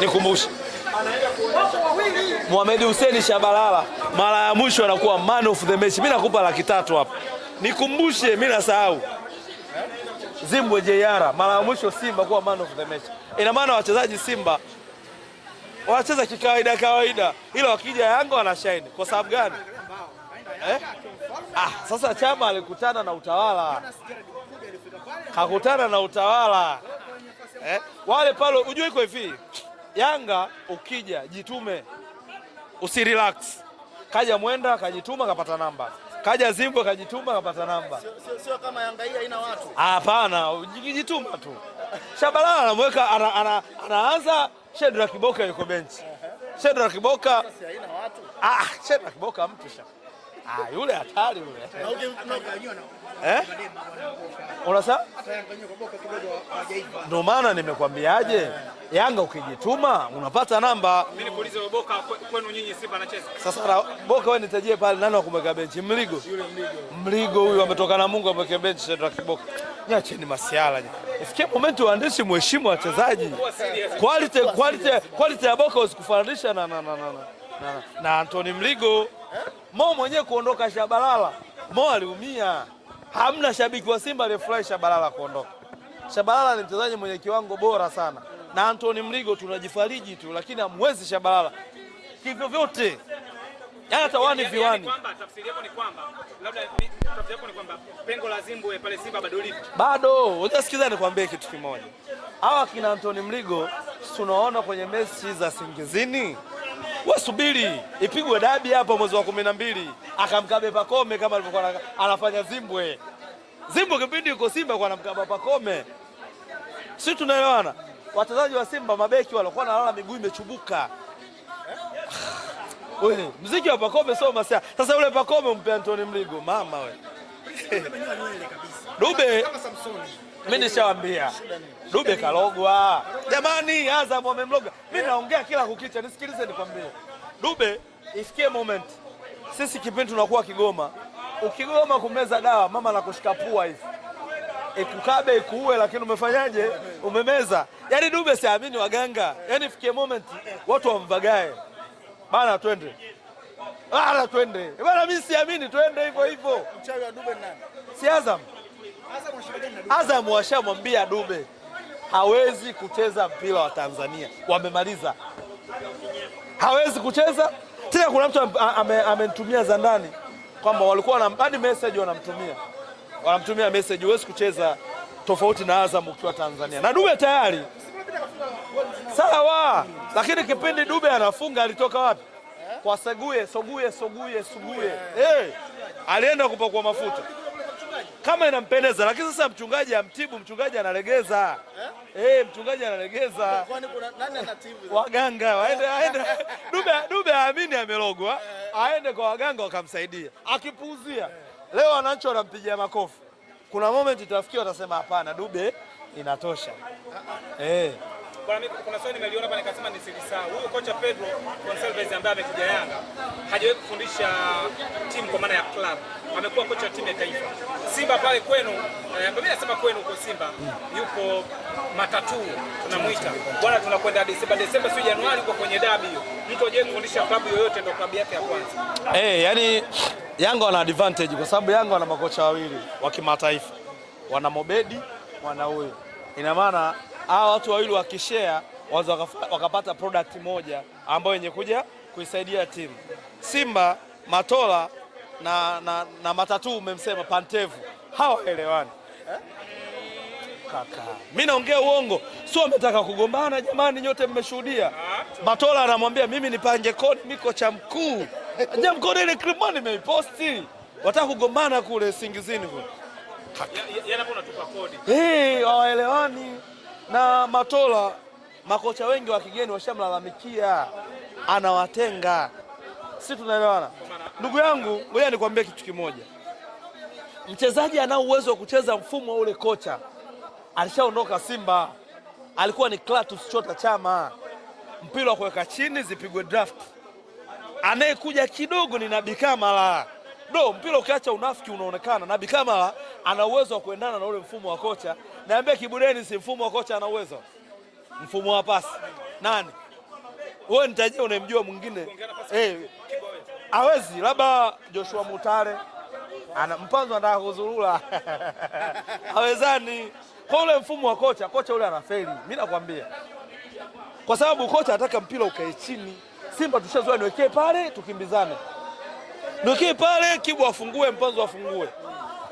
nikumbushe Mohamed Hussein Shabalala mara ya mwisho anakuwa man of the match. Mimi nakupa laki tatu hapa, nikumbushe. Mimi nasahau Zimbwe Jeyara mara ya mwisho Simba kuwa man of the match. Ina maana wachezaji Simba wanacheza kikawaida kawaida, ila wakija Yanga wanashine kwa sababu gani eh? Ah, sasa Chama alikutana na utawala, kakutana na utawala eh? wale pale, ujue iko hivi Yanga ukija jitume, usirelax. Kaja Mwenda kajituma kapata namba, kaja Zimbo kajituma kapata namba. Sio, sio kama Yanga hii haina watu. Hapana, jituma tu. Shabalala anamweka ana, ana, anaanza Shedra Kiboka yuko benchi. Shedra Kiboka. Ah, Shedra Kiboka mtu shaka. Ah, yule hatari yule. Eh? Unasa? Ndio maana nimekwambiaje, Yanga ukijituma unapata namba. Mimi nikuulize Boka kwenu nyinyi Simba anacheza. Sasa Boka wewe nitajie pale nani akumweka benchi? Mligo. Yule Mligo. Mligo huyu ametoka na Mungu amweke benchi Shedrack Boka. Niache ni masiala. Ifikie momenti waandishi mheshimu wachezaji. Quality quality quality ya Boka usikufananisha na na na na na, antoni Mligo eh? Mo mwenyewe kuondoka Shabalala, Mo aliumia. Hamna shabiki wa Simba aliyefurahi Shabalala kuondoka. Shabalala ni mchezaji mwenye kiwango bora sana, na Antoni Mligo tunajifariji tu, lakini hamwezi Shabalala kivyo vyote yaani hata wani yaani viwani. Tafsiri yako ni kwamba labda tafsiri yako ni kwamba pengo la pale Simba bado lipo. Bado, unasikiza nikwambie kitu kimoja. Hawa kina antoni Mligo tunaona kwenye mechi za singizini wasubiri ipigwe dabi hapa mwezi wa kumi na mbili, akamkabe Pakome kama alivyokuwa anafanya Zimbwe. Zimbwe kipindi yuko Simba kwa anamkaba Pakome, si tunaelewana? Wachezaji wa Simba mabeki walikuwa nalala miguu imechubuka Wewe, mziki wa Pakome sio masia. Sasa yule Pakome umpe Antoni Mligo mama we. Dube kama Samsoni. Mimi nishawambia Dube kalogwa. Jamani, Azam amemloga. Mimi naongea kila kukicha, nisikilize nikwambie. Dube ifikie moment sisi kipindi tunakuwa Kigoma, ukigoma kumeza dawa mama nakushika pua hivi ikukabe ikuue, lakini umefanyaje? Umemeza. Yaani Dube siamini waganga, yaani ifikie moment watu wamvagae bana, twende bana, twende bana, mimi siamini, twende hivyo hivyo. Mchawi wa Dube nani? Si Azam. Azam washamwambia Dube hawezi kucheza mpira wa Tanzania, wamemaliza, hawezi kucheza tena. Kuna mtu amenitumia ame za ndani kwamba walikuwa na hadi message wanamtumia wanamtumia message, huwezi kucheza tofauti na Azam ukiwa Tanzania, na Dube tayari sawa. Lakini kipindi Dube anafunga alitoka wapi? Kwa Seguye, Soguye, Soguye, Suguye, hey, eh, alienda kupakua mafuta kama inampendeza, lakini sasa mchungaji amtibu, mchungaji analegeza eh? Hey, eh, mchungaji analegeza. Waganga waende aende, Dube Dube aamini amelogwa eh. Aende kwa waganga wakamsaidia, akipuuzia eh. Leo wananchi wanampigia makofi, kuna moment itafikia watasema hapana, Dube inatosha ah, ah. eh. Hey. Kuna swali nimeliona hapa nikasema ni siri sawa. Huyu kocha Pedro Gonçalves ambaye amekuja Yanga hajawahi kufundisha timu kwa maana ya club amekuwa kocha wa timu ya taifa Simba pale kwenu. Eh, mimi nasema kwenu kwa Simba yuko matatu tunamwita bwana, tunakwenda Desemba Desemba, sio Januari, kwa kwenye dabi hiyo. Mtu aje kufundisha klabu yoyote, ndio klabu yake ya kwanza. Eh, hey, yani Yanga wana advantage kwa sababu Yanga wana makocha wawili wa kimataifa, wana Mobedi wana huyo. ina maana hawa watu wawili wakishare wazo wakapata product moja ambayo yenye kuja kuisaidia timu Simba. Matola na, na, na matatu umemsema Pantevu hawaelewani eh? Kaka mimi naongea uongo, sio umetaka kugombana jamani, nyote mmeshuhudia. Matola anamwambia mimi nipange kodi miko kocha mkuu ja ile clip nimeiposti, wataka kugombana kule singizini kule yaani eh, hawaelewani. na Matola makocha wengi wa kigeni washamlalamikia, anawatenga si tunaelewana ndugu yangu? Ngoja nikwambie kitu kimoja, mchezaji ana uwezo wa kucheza mfumo ule. Kocha alishaondoka Simba, alikuwa ni Clatous Chota Chama, mpira wa kuweka chini, zipigwe draft. Anayekuja kidogo ni Nabi Kamara do mpira ukiacha unafiki unaonekana. Nabi Kamara ana uwezo wa kuendana na ule mfumo wa kocha. Naambia Kibudeni, si mfumo wa kocha ana uwezo, mfumo wa pasi nani wewe nitajia, unamjua mwingine eh? Hawezi labda Joshua Mutale ana mpanzo anataka kuzurura hawezani kwa ule mfumo wa kocha. Kocha ule anafeli, mimi nakwambia, kwa sababu kocha anataka mpira ukae chini. Simba tushazoea niwekee pale, tukimbizane, niwekee pale, Kibu afungue, mpanzo afungue.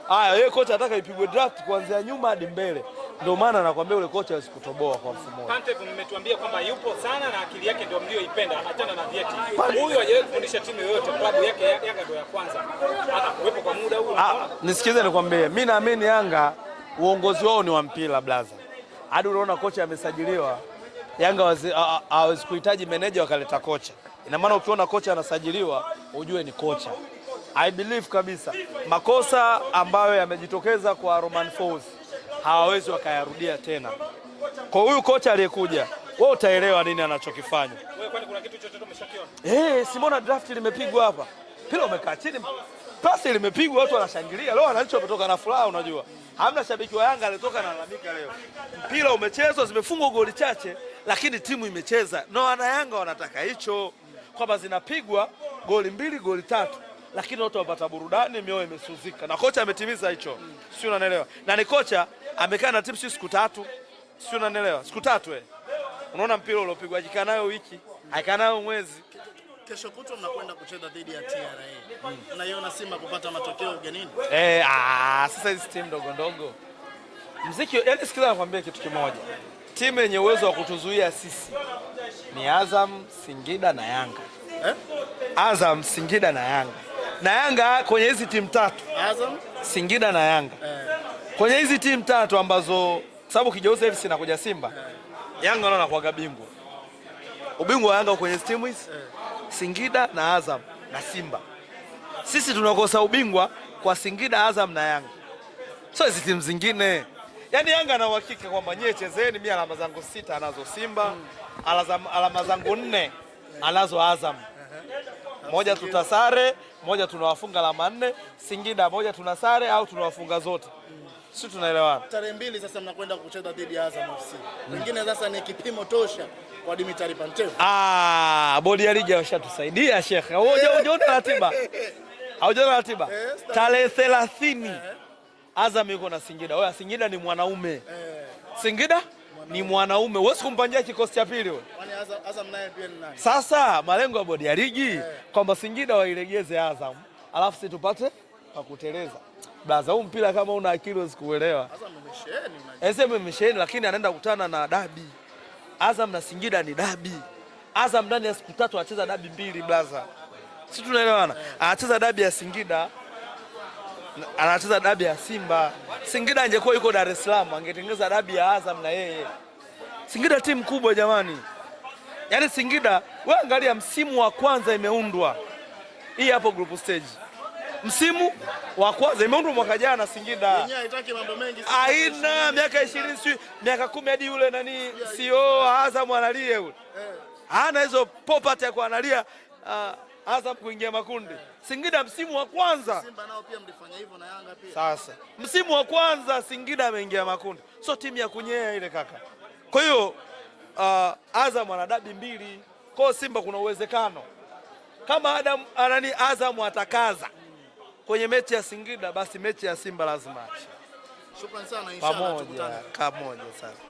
Haya, yeye kocha anataka ipigwe draft kuanzia nyuma hadi mbele. Ndio maana nakwambia ule kocha hawezi kutoboa kwa mfumo wake. Kante mmetuambia kwamba yupo sana na akili yake ndio mlioipenda, achana na vieti. Huyu hajawahi kufundisha timu yoyote, klabu yake Yanga ndio ya kwanza. Hata kuwepo kwa muda huu. Ah, nisikize nikwambie, mimi naamini Yanga uongozi wao ni wa mpira blaza. Hadi unaona kocha amesajiliwa Yanga hawezi kuhitaji meneja wakaleta kocha. Ina maana ukiona kocha anasajiliwa ujue ni kocha. I believe kabisa makosa ambayo yamejitokeza kwa roman Force hawawezi wakayarudia tena. Kwa huyu kocha aliyekuja, wewe utaelewa nini anachokifanya. Wewe kwani kuna kitu chochote umeshakiona? Eh, si mbona draft limepigwa hapa, pila umekaa chini, pasi limepigwa, watu wanashangilia leo, wananchi wametoka na furaha. Unajua hamna shabiki wa Yanga alitoka analalamika leo, mpira umechezwa, zimefungwa goli chache, lakini timu imecheza na no, wana Yanga wanataka hicho kwamba zinapigwa goli mbili goli tatu lakini watu wapata burudani, mioyo imesuzika, na kocha ametimiza hicho mm. Sio, unanielewa? Na ni kocha amekaa na timu si siku tatu, si Unanielewa? siku tatu eh, unaona mpira uliopigwa, ajikaa nayo wiki, aikaa nayo mwezi. Kesho kutwa mnakwenda kucheza dhidi ya TRA, unaiona Simba kupata matokeo ugenini? Eh, ah, sasa hizi timu ndogo ndogo mziki, yani sikiliza nakwambia kitu kimoja, timu yenye uwezo wa kutuzuia sisi ni Azam, Singida na Yanga eh? Azam, Singida na Yanga na Yanga kwenye hizi timu tatu Azam, Singida na Yanga eh kwenye hizi timu tatu ambazo sababu kijeuza na sinakuja Simba Yanga naona kuwaga bingwa ubingwa wa Yanga kwenye timu hizi Singida na Azam na Simba. Sisi tunakosa ubingwa kwa Singida, Azam na Yanga, so hizi timu zingine yaani Yanga na uhakika kwamba nyie chezeni, mimi alama zangu sita anazo Simba, alama zangu nne anazo Azam, moja tutasare, moja tunawafunga alama nne, Singida moja tunasare au tunawafunga zote. Sisi tunaelewana. Tarehe mbili sasa mnakwenda kucheza dhidi ya Azam FC. Wengine sasa ni kipimo tosha kwa Dimitri Pantev. Ah, bodi ya ligi washatusaidia Sheikh. Wewe Hujaona ratiba. Haujaona ratiba. Eh, Tarehe 30 eh. Azam yuko na Singida. Wewe Singida ni mwanaume. Eh. Singida ni mwanaume. Wewe kumpangia kikosi cha pili wewe. Azam naye pia ni naye. Sasa malengo ya bodi ya ligi kwamba Singida wailegeze Azam, alafu sisi tupate pa kuteleza. Blaza, huu mpira kama una akili usikuelewa. Azam mmesheni, lakini anaenda kukutana na dabi. Azam na Singida ni dabi. Azam ndani ya siku tatu anacheza dabi mbili blaza, si tunaelewana? Eh. Anacheza dabi ya Singida, anacheza dabi ya Simba. Singida angekuwa yuko Dar es Salaam angetengeza dabi ya Azam na yeye. Singida timu kubwa jamani, yaani Singida, wewe angalia msimu wa kwanza imeundwa hii hapo group stage msimu wa kwanza imeundwa mwaka jana Singida, aina miaka ishirini si miaka kumi hadi yule nani sio e Azam analia yule eh. hana hizo popati ya kuanalia uh, Azam kuingia makundi Singida msimu wa kwanza. Simba nao pia mlifanya hivyo na Yanga pia. Sasa msimu wa kwanza Singida ameingia makundi, so timu ya kunyea ile kaka. Kwa hiyo uh, Azam ana dabi mbili Kwa Simba kuna uwezekano kama Adam anani ah, Azam atakaza kwenye mechi ya Singida, basi mechi ya Simba lazima ache. Shukrani sana, inshallah tukutane pamoja sana.